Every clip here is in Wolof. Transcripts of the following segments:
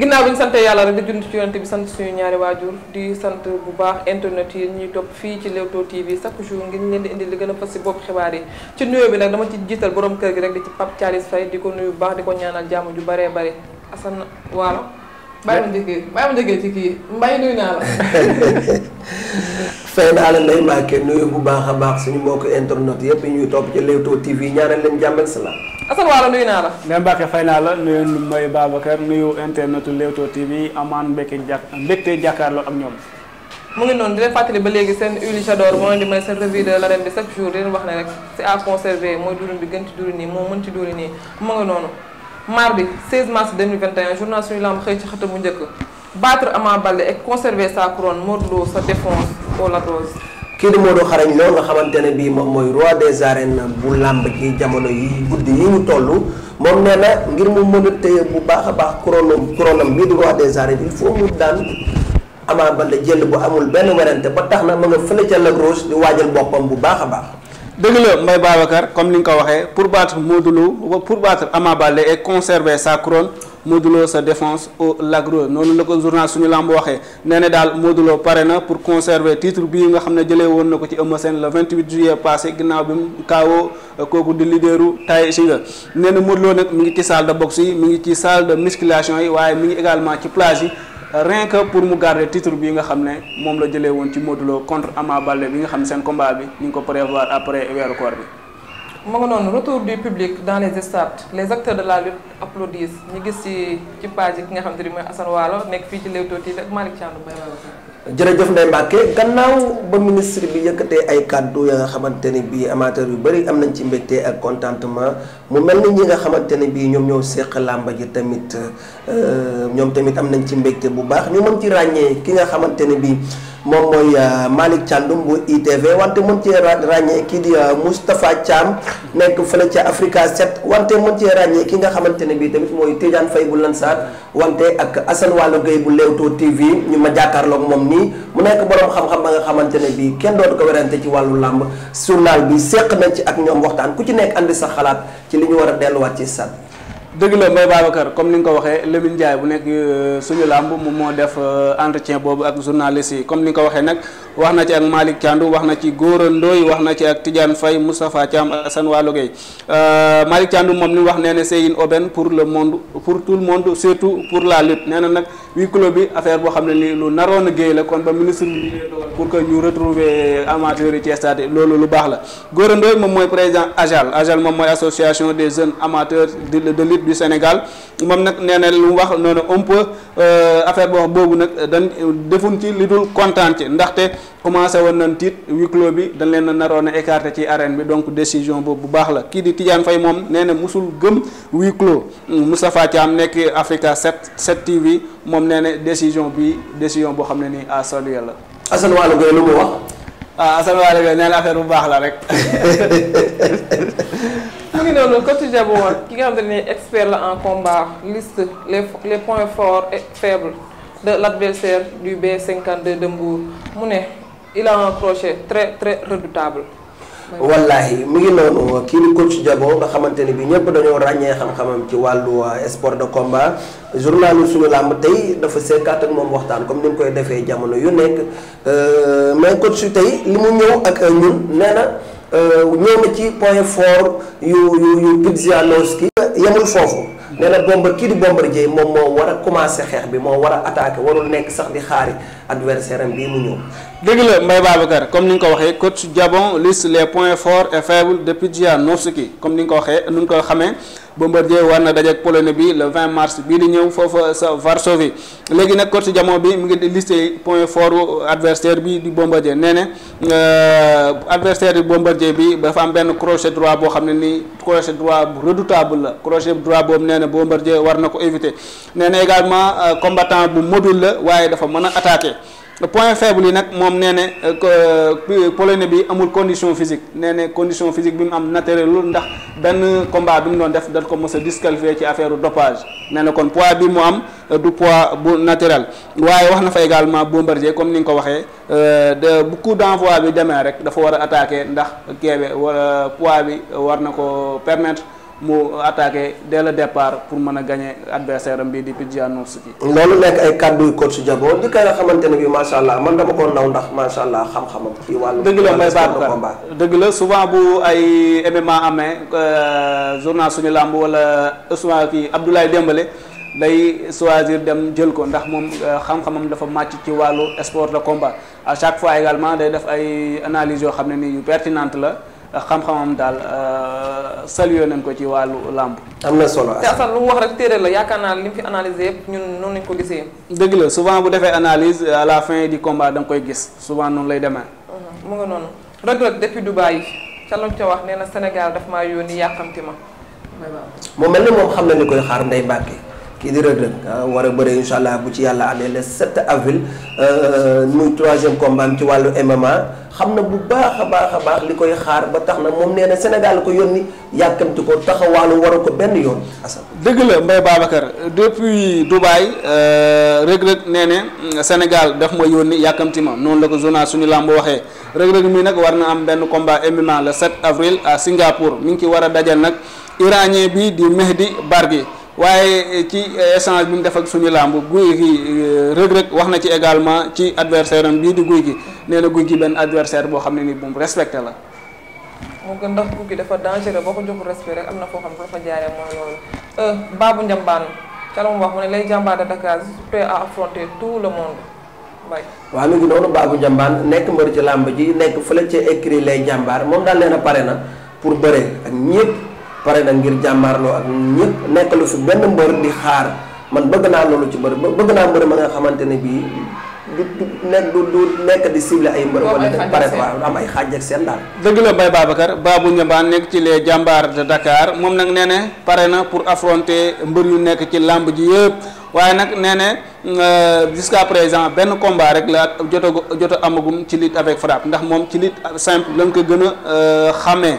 ginnaaw bi ñu sant yàlla rek di dund ci yonante bi sant suñu ñaari waajur di sant bu baax internet yi ñuy topp fii ci Leewtoo TV chaque jour ngir leen di indi li gën a fës si bopp xibaar yi ci nuyoo bi nag dama ci jiital borom kër gi rek di ci Pape Thialis Faye di ko nuyu baax di ko ñaanal jàmm ju baree bare Assane waalo bàyyi ma njëkkee bàyyi ma njëkkee ci kii mbay nuyu naa la fay naa la nuyu bu baax a baax suñu mbokk internet yëpp ñuy topp ci Leewtoo TV ñaanal leen jàmm ak salaam. Assane Waala nuyu naa la. Ndeye Mbacke fay naa la nuyu mooy Babacar nuyu internet Leewtoo TV amaan mbégte jàkk mbégte jàkkaarloo ak ñoom. mu ngi noonu di leen fàttali ba léegi seen huile j'adore moo leen di may seen revue de l'arène bi chaque jour di leen wax ne rek c'est à conserver mooy durin bi gën ci durin nii moo mën ci durin nii mu ngi noonu mardi 16 mars 2021 bu njëkk battre Ama Baldé et conserver sa couronne Modou Lo sa défense au la rose kii di Modou xarañ loolu nga xamante ne bii moom mooy roi des arènes bu làmb jamono yi guddi yi ñu toll moom nee na ngir mu mën a téye bu baax a baax couronne couronne bii di roi des arènes il faut mu daan Ama Baldé jël bu amul benn werante ba tax na ma nga fële ca Lac-Rose di waajal boppam bu baax a baax. dëgg la Mbaye Babacar comme ni nga ko waxee pour battre Modou Lo pour battre Ama Baldé et Modou sa défense au Lac Rose noonu la ko journal suñu làmb waxee nee na daal Modou pare na pour conserver titre bii nga xam ne jëlee woon na ko ci Eumeu Sène le 28 juillet passé ginnaaw bi mu kaawoo kooku di leaderu Tay Shinger nee na Modou Lo nag mi ngi ci salle de boxe yi mi ngi ci salle de musculation yi waaye mi ngi également ci plage yi rien pour mu garder titre bii nga xam ne moom la jële woon ci Modou Lo contre Ama Baldé bi nga xam ne seen combat bi ngi ko prévoir après weeru bi mu ngi noonu retour du public dans les stades les acteurs de la lutte applaudissent ñu gis ci ci page ki nga xam te ni mooy Assane Waalo nekk fii ci Leewtoo TV ak Malick Thiandoum Baye Babacar. jërëjëf Ndeye Mbacke gannaaw ba ministre bi yëkk yëkkatee ay kàddu ya nga xamante ne bii amateur yu bëri am nañ ci mbégte ak contentement mu mel ni ñi nga xamante ne bii ñoom ñoo seq làmba ji tamit euh, ñoom tamit am nañ ci mbégte bu baax ñu mën ci ràññee ki nga xamante ne bii. moom mooy euh, Malick Thiandoum bu ITV wante mën cee ràññee kii di euh, Moustapha Thiam nekk fële ci Africa set wante mën cee ràññee ki nga xamante ne bii tamit mooy Tidiane Faye bu Lansar wante ak Assane Walu Gueye bu Leewtoo TV ñu ma jàkkaarloog moom nii mu nekk borom xam-xam ba nga xamante ne bii kenn dootu ko werante ci wàllu làmb journal bi seq nañ ci ak ñoom waxtaan ku ci nekk andi sa xalaat ci li ñu war a delluwaat ci sat dëgg la Mbaye Babacar comme ni nga ko waxee Lamine Ndiaye bu nekk euh, suñu làmb moom moo def euh, entretien boobu ak journaliste yi comme ni nga ko waxee nag wax na ci ak Malick Thiandou wax na ci Gora Ndoye wax na ci ak Tidiane Faye Moustapha Thiam Assane Waalo Gueye euh, Malick Thiandou moom ni wax nee na c'est une aubaine pour le monde pour tout le monde surtout pour la lutte nee na nag huis clos bi affaire boo xam ne nii lu naroon a géey la kon ba ministre bi pour que ñu retrouver amateurs yi ci stade loolu lu baax la Gora moom mooy président AJAL AJAL moom mooy association des jeunes amateurs de de lutte du Sénégal moom nag nee na lu wax noonu un peu euh, affaire boo boobu nag dañ defuñ ci li dul kontaan ci ndaxte. commencé woon nañ tiit huis clos bi dañ leen a naroon a écarté ci arène bi donc décision boobu bu baax la kii di Tidiane Faye moom nee na musul gëm huis clos Moustapha Thiam nekk Africa 7 7 TV moom nee na décision bi décision boo xam ne nii à saluer la. Assane Waale Gueye lu mu ah Assane Waale Gueye nee na affaire bu baax la rek. mu ngi noonu Côte d'Ivoire ki nga xamante ne expert la en combat liste les les points forts et de l' du B52 de mu ne. il a un crochet très très redoutable. wallahi mu ngi noonu kii di coach Diago nga xamante ni bi ñëpp dañoo ràññee xam-xamam ci wàllu euh, sport de combat journalu suñu làmb tey dafa seekaat ak moom waxtaan comme ni mu koy defee jamono yu nekk euh, mais coach su tey li mu ñëw ak euh, ñun nee na ñëw na ci point fort yu yu yu Pudzianowski yemul foofu nee na bomba kii di Bombardier moom moo war a commencer xeex bi moo war a attaquer warul nekk sax di xaari adversaire am bii mu ñëw. dëgg la Mbaye Babacar comme ni nga ko waxee coach Diabon liste les points forts et faibles de Puja Nosuki comme ni nga ko waxee nu ñu ko xamee. Bombardier war na dajeek Polonais bi le vingt mars bii di ñëw foofa sa Varsovie léegi nag coach Diamond bi mu ngi di listé point fort adversaire bi di Bombardier nee na euh, adversaire bi bi dafa am benn crochet droit boo xam ne nii crochet droit bu redoutable la crochet droit boobu nee na Bombardier war na ko éviter nee na également euh, combattant bu mobile la waaye dafa mën a attaquer point faible yi nag moom nee ne euh, euh, polonais bi amul condition physique nee ne condition fisique bi mu am naturelul ndax benn combat bi mu doon def dañ ko mos a disqualifié ci affaire dopage nee na kon poids bi mu am euh, du poids bu naturel waaye wax na fa également bombardier comme ni nga ko waxee de bu coup d'envoi bi demee rek dafa war a attaquer ndax keebe wala poids bi war na ko permettre mu attaqué de le départ pour mën a gañe adversaire am bii di Pudzianowski. loolu nekk ay kàddu yu coach Diabo di koy nga xamante ne bii macha allah man dama ko naw ndax macha allah xam-xamam. ci wàllu dëgg la may Babacar dëgg la souvent bu ay MMA amee euh, journal suñu làmb wala euh, souvent kii Abdoulaye Dembélé day choisir dem jël ko ndax moom euh, xam-xamam dafa màcc ci wàllu sport de combat chaque fois également day def ay analyses yoo xam ne nii yu pertinente la. xam-xamam daal euh, salué nañ ko ci wàllu làmb am na solo te Assane lu mu wax rek téere la yaakaar naa li mu fi analysé yëpp ñun noonu lañ ko gisee. dëgg la souvent bu defee analyse à la fin di combat danga koy gis souvent noonu lay demee. Mhm, mu nga noonu Reug Reug du Dubaï ca lañ ca wax nee na Sénégal daf maa yónni yàqamti ma. moom mel ne moom xam na ni koy xaar Ndeye Mbacke. kii di Reug ah, war a bëre incha allah bu ci yàlla amee le 7 avril euh, muy troisième combat ci wàllu MMA xam na bu baax a baax a baax li koy xaar ba tax na moom nee na Sénégal ko yónni yàkkamti ko taxawaalu waru ko benn yoon Assane. dëgg la Mbaye Babacar depuis Dubaï euh, Reug Reug nee ne mm, Sénégal daf ma yónni yàkkamti ma noonu la ko journal suñu làmb waxee Reug mii mi nag war na am benn combat MMA le 7 avril à Singapour mi ngi ci war a dajal nag iranien bi di Mehdi Bargué. waaye eh, ci eh, échange bi mu def ak suñu làmb guy gi eh, Reug Reug wax na ci également ci adversaire bii di guy gi nee na guy gi benn adversaire boo xam ne ni moom mu la moo gën ndax guy gi dafa dangereux boo ko joxul respect rek am na foo xam ko dafa jaaree mooy loolu euh, Babou Ndiambane mu ne les jambaars de Dakar prêts à tout le monde bay waaw mi ngi noonu Babou nekk mbër ci làmb ji nekk fële ca écrit les jambaar moom daal leen na pare na pour bëre ak ñëpp pare na ngir jàmmaarloo ak ñëpp nekkalu fi benn mbër di xaar man bëgg naa loolu ci mbër bëgg naa mbër ma nga xamante ne bii du du nekk di ciblé ay mbër wala de pare waaw am ay xaaj ak seen daal. dëgg la Baye Babacar Babou Ndiabane nekk ci les jàmbaar de Dakar moom nag nee na pare na pour affronter mbër yu nekk ci làmb ji yëpp waaye nag nee na Euh, jusqu'à présent benn combat rek la jot a jot a amagum ci lutte avec frappe ndax moom ci lutte simple lañ ko gën a euh, xàmmee.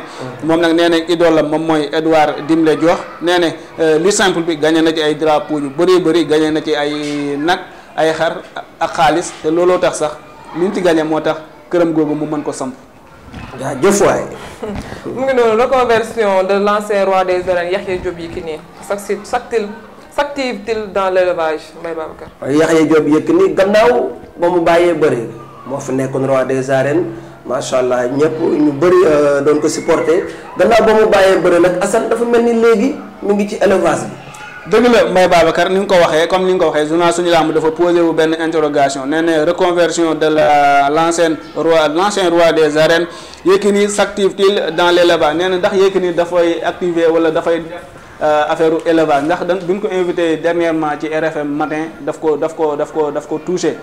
Mm. moom nag nee na idole la moom mooy Edouard Dimle Dior nee na euh, lu simple bi gagné na ci ay drapeaux yu bëree bëri gagné na ci ay nag ay xar ak xaalis te looloo tax sax li ñu ci gagné moo tax këram googu mu mën ko samp. waaw jëf waay. mu ngi noonu reconversion de l'ancien roi des arènes Yaxya Diop Yékini chaque chaque s'active-t-il dans l'élevage Mbaye Babacar. Yaxya Diop Yékini gannaaw ba mu bàyyee bëri moo fi nekkoon roi des arènes macha allah ñëpp ñu bëri euh, doon ko supporter gannaaw ba mu bàyyee bëri nag Assane dafa mel ni léegi mu ngi ci élevage bi. dëgg la Mbaye Babacar ni nga ko waxee comme ni nga ko waxee journal suñu làmb dafa posé wu benn interrogation nee na reconversion de la l'ancien roi l'ancien roi des arènes Yékini s'active-t-il dans l'élevage nee na ndax Yékini dafay activer wala dafay. Euh, affaire élevage ndax dañ bi ñu ko invité dernièrement ci RFM matin daf ko daf ko daf ko daf ko touché.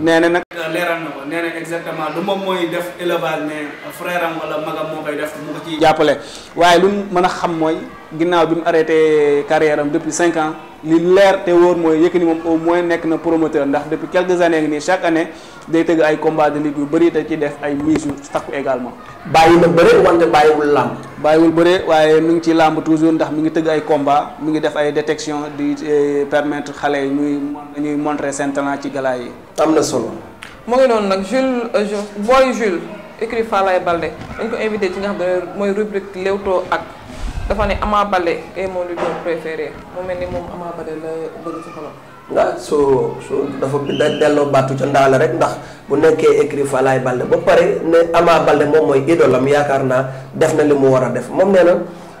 nee na nag leeral na ko nee exactement lu moom mooy def élevage ne frère am magam moo koy def mu ko ciy jàppale waaye lu mën a xam mooy. ginnaaw bi mu arrêté carrière depuis cinq ans li leer te wóor mooy Yékini moom au nekk na promoteur ndax depuis quelques années ngi nii chaque année day tëgg ay combat de lutte yu bëri te ci def ay mise yu takku également. bàyyi na bëre wante bàyyiwul làmb. bàyyiwul bëre waaye mi ngi ci làmb toujours ndax mi ngi tëgg ay combat mi ngi def ay détection di eh, permettre xale yi ñuy ñuy montrer ci galaay yi. am na solo. moo ngi noonu nag Jules euh, Jules booy Jules écrit Falaye Balde dañ ko dafa ne Ama bale est mon lutteur préféré mu mel ni moom Ama Baldé ci xolam. waaw soo soo dafa delloo battu ca ndaa rek ndax bu nekkee écrit Falaye Baldé ba pare ne Ama moom mooy idolam yaakaar naa def na li mu war a def moom nee la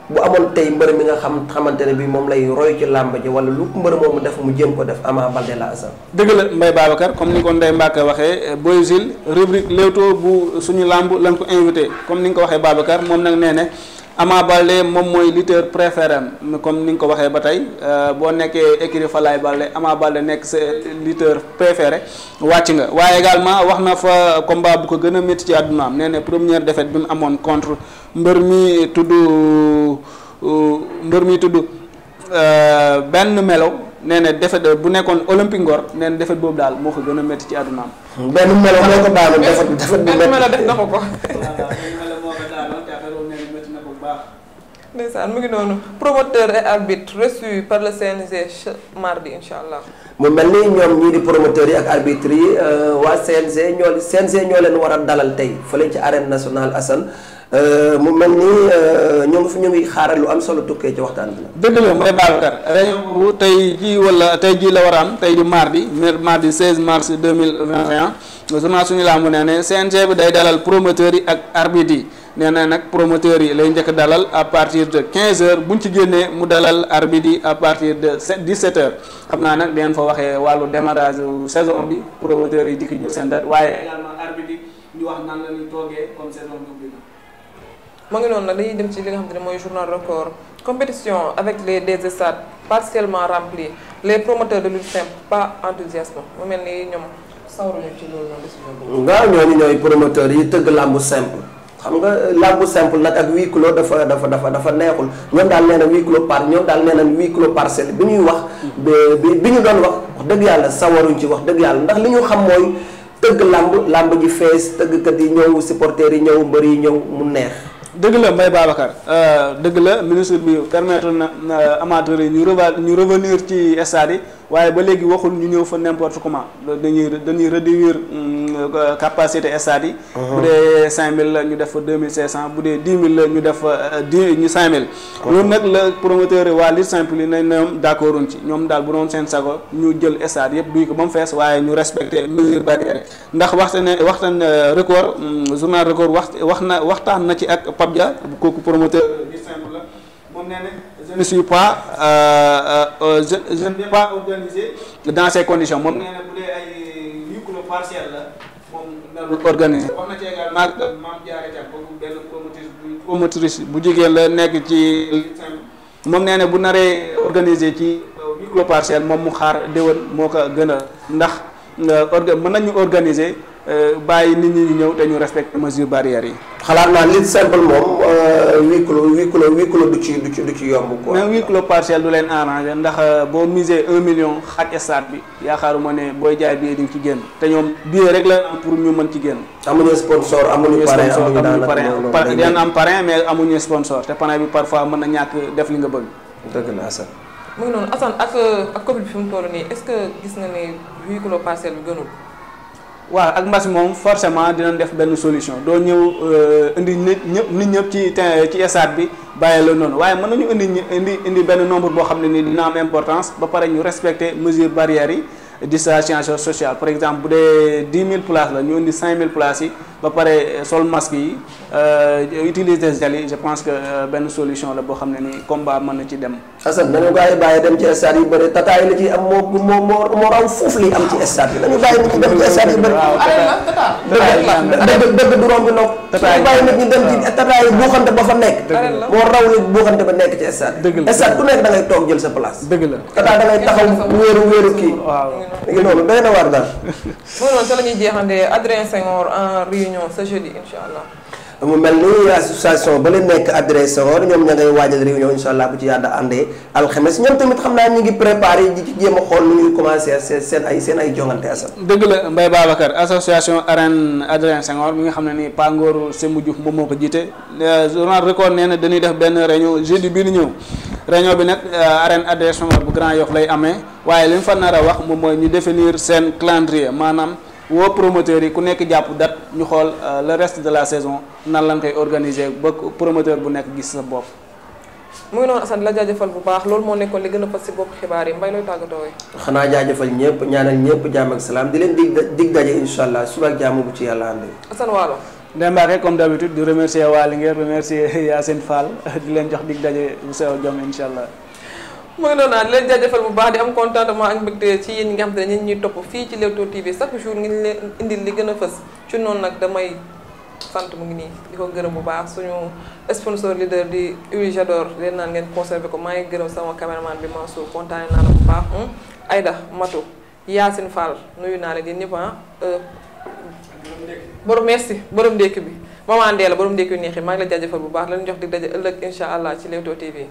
bu amoon tey mbër mi nga xam xamante ne bi moom lay roy ci làmb ji wala lu mbër moomu def mu jéem ko def Ama Baldé la asal dëgg la comme ni ko Ndeye Mbacke waxee Boy Jules rubrique Leewtoo bu suñu làmb lañ ko invité comme ni nga ko waxee Babacar moom nag nee ne Ama Baldé moom mooy lutteur préféré am comme ni nga ko waxee ba tey euh, boo nekkee écurie Falaye Baldé Ama Baldé nekk sa lutteur préféré wàcc nga waaye également wax na fa combat bu ko gën a métti ci àddunaam nee na première défaite bi mu amoon contre mbër mi tudd euh, mbër mi euh, benn melo nee na défaite bu nekkoon Olympique Ngor nee defet boobu daal moo ko gën a métti ci àddunaam. benn melo moo ko daal défaite défaite bu métti benn def na ko. ndeysaan mu ngi noonu promoteur et arbitre reçu par le CNG mardi incha allah. mu mel ni ñoom ñii di promoteurs yi ak arbitres yi euh, waa CNG ñoo CNG ñoo leen war a dalal tey fële ci arène nationale Assane euh, mu mel ni euh, ñoom ngi fi ñu ngi xaaral lu am solo tukkee ci waxtaan bi. dëgg la Mbaye Babacar réunion boobu tey jii wala tey jii la war a am tey di mardi mardi 16 mars 2021 suñu laa mu ne ne CNG bi day dalal promoteurs yi ak arbitres yi. nee na nag promoteur yi lay njëkk dalal à partir de quinze heures bu ñu ci génnee mu dalal arbitre yi à partir de 7 17 heures xam naa nag dinañ fa waxee wàllu démarrage saison bi promoteur yi dikk jël seen date waaye également arbitre wax nan la ñuy toogee comme saison bi ma ngi noonu nag dañuy dem ci li nga xam ne mooy journal record compétition avec les des stades partiellement remplis les promoteurs de lutte simple pas enthousiasme mu mel ni ñoom sawaruñu ci loolu noonu décision boobu. waaw ñooñu ñooy promoteurs yi tëgg làmbu simple. xam nga làmbu simple nag ak wii clos dafa dafa dafa dafa neexul ñoom daal nee na huis clos par ñoom daal nee na huis clos parcelle bi ñuy wax. bi bi ñu doon wax dëgg yàlla sawaruñ ci wax dëgg yàlla ndax li ñu xam mooy tëgg làmb làmb ji fees tëggkat yi ñëw supporters yi ñëw mbër yi ñëw mu neex. dëgg la Mbaye Babacar euh, dëgg la ministre bi permettre na amateurs yi ñu revenir ci stade yi. waaye ba léegi waxul ñu ñëw fa n'importe comment dañuy dañuy réduire euh, capacité stade yi. Uh-huh. bu dee 5000 la ñu def fa 2500 bu dee 10 000 la ñu def fa 10 euh, ñu 5000. Uh-huh. loolu nag la promoteur yi waa lutte simple yi ne ñoom d'accord ci ñoom daal bu doon seen sago ñu jël stade yëpp duy ko ba mu fees waaye ñu respecté mesure barrière ndax waxtaan waxtaan record mm, journal record wax wax na waxtaan na ci ak Pape Dia kooku promoteur. je ne suis pas euh, euh, euh pas organisé dans moom. organisé wax na ci également bu jigéen la nekk ci moom nee na bu naree organiser ci micro moom mu xaar déwén moo ko gën a ndax euh, orga mën nañu organiser Euh, bàyyi nit ñi ñu ñëw te ñu respecté mesures barrières yi. xalaat naa li simple moom euh, huis clos huis clos du ci du ci du ci yomb quoi. mais huis clos partiel du leen arrangé ndax euh, boo misé un million xaaj stade bi yaakaaruma ne booy jaay billet di nga ci génn te ñoom billet rek la pour ñu mën ci génn. amuñu sponsor amuñu parrain amuñu parrain dañ am parrain mais amuñu sponsor te parrain bi parfois mën na ñàkk def li nga bëgg. dëgg mu ngi noonu Assane ak ak Covid bi fi mu nii est-ce que gis nga ne huis clos partiel bi waaw ak mbas moom forcément dinañ def benn solution doo ñëw euh, indi nit ñëpp nit ñëpp ci ci esaat bi bàyyee la noonu waaye mën nañu indi indi indi benn nombre boo xam ne ni dina am importance ba pare ñu respecter mesures barrières yi distanciation sociale par exemple bu dee dix mille places la ñu indi cinq mille places yi. ba pare euh, sol masque yi euh, utiliser gel yi je pense que euh, benn solution la boo xam ne nii combat mën na ci dem. Assane nañu gars yi dem ci stade yu bëri tata yi la ciy am moo moo moo raw foofu li am ci stade yi nañu bàyyi nit ñi dem ci stade yu bëri. waaw dëgg dëgg du romb ndox. tata yi bàyyi nit ñi dem ci tata yi buuxante ba fa nekk. moo raw li buuxante ba nekk ci stade. dëgg ku nekk da toog jël sa place. dëgg la tata da taxaw wéeru wéeru kii. loolu doy na waar daal. réunion ce jeudi incha allah. mu mel ni association ba la nekk adressé woon ñoom ña ngay waajal réunion incha allah bu ci yàlla àndee alxames ñoom tamit xam naa ñu ngi préparé di ci jéem xool nu ñuy commencé seen ay seen ay jongante association arène Adrien Senghor mi nga xam ne nii Pangor Sembou Diouf moom moo ko jiite euh, journal record nee na dañuy def benn réunion jeudi bii di ñëw réunion bi nag euh, arène Adrien Senghor bu Grand Yoff lay amee waaye li mu fa nar a wax moom mooy ñu définir seen maanaam. woo promoteurs yi ku nekk jàpp date ñu xool euh, le reste de la saison nan lañ organiser ba promoteur bu nekk gis sa bopp. mu ngi noonu Assane la jaajëfal bu baax loolu moo nekkoon li gën a fas si bopp xibaar yi mbay looy tàggatoo xanaa jaajëfal ñëpp ñaanal ñëpp jàmm ak salaam di leen dig dig daje incha allah suba ak jàmm bu ci yàlla àndee. Assane Waalo. Dembaake comme d'habitude di remercier waa Linguère remercier Yacine Fall di leen jox dig daje bu sew jom allah. mu ngi noonu leen jaajëfal bu baax di am contentement ak mbégte ci yéen ñi nga xam te ne ñun ñuy topp fii ci Leewtoo TV chaque jour ngi leen indil li gën a fës ci noonu nag damay sant mu ngi nii di gërëm bu baax suñu sponsor leader di Uri Jador leen naan ngeen conservé ko maa ngi sama caméraman bi Mansour kontaane naa la bu baax hmm? Aïda Matou Yacine naa leen yéen ñëpp ah euh, borom merci borom bi maman Ndéla borom ndékki yu neexi maa ngi la jaajëfal bu baax lañu jox dig daje ëllëg incha allah ci Leewtoo TV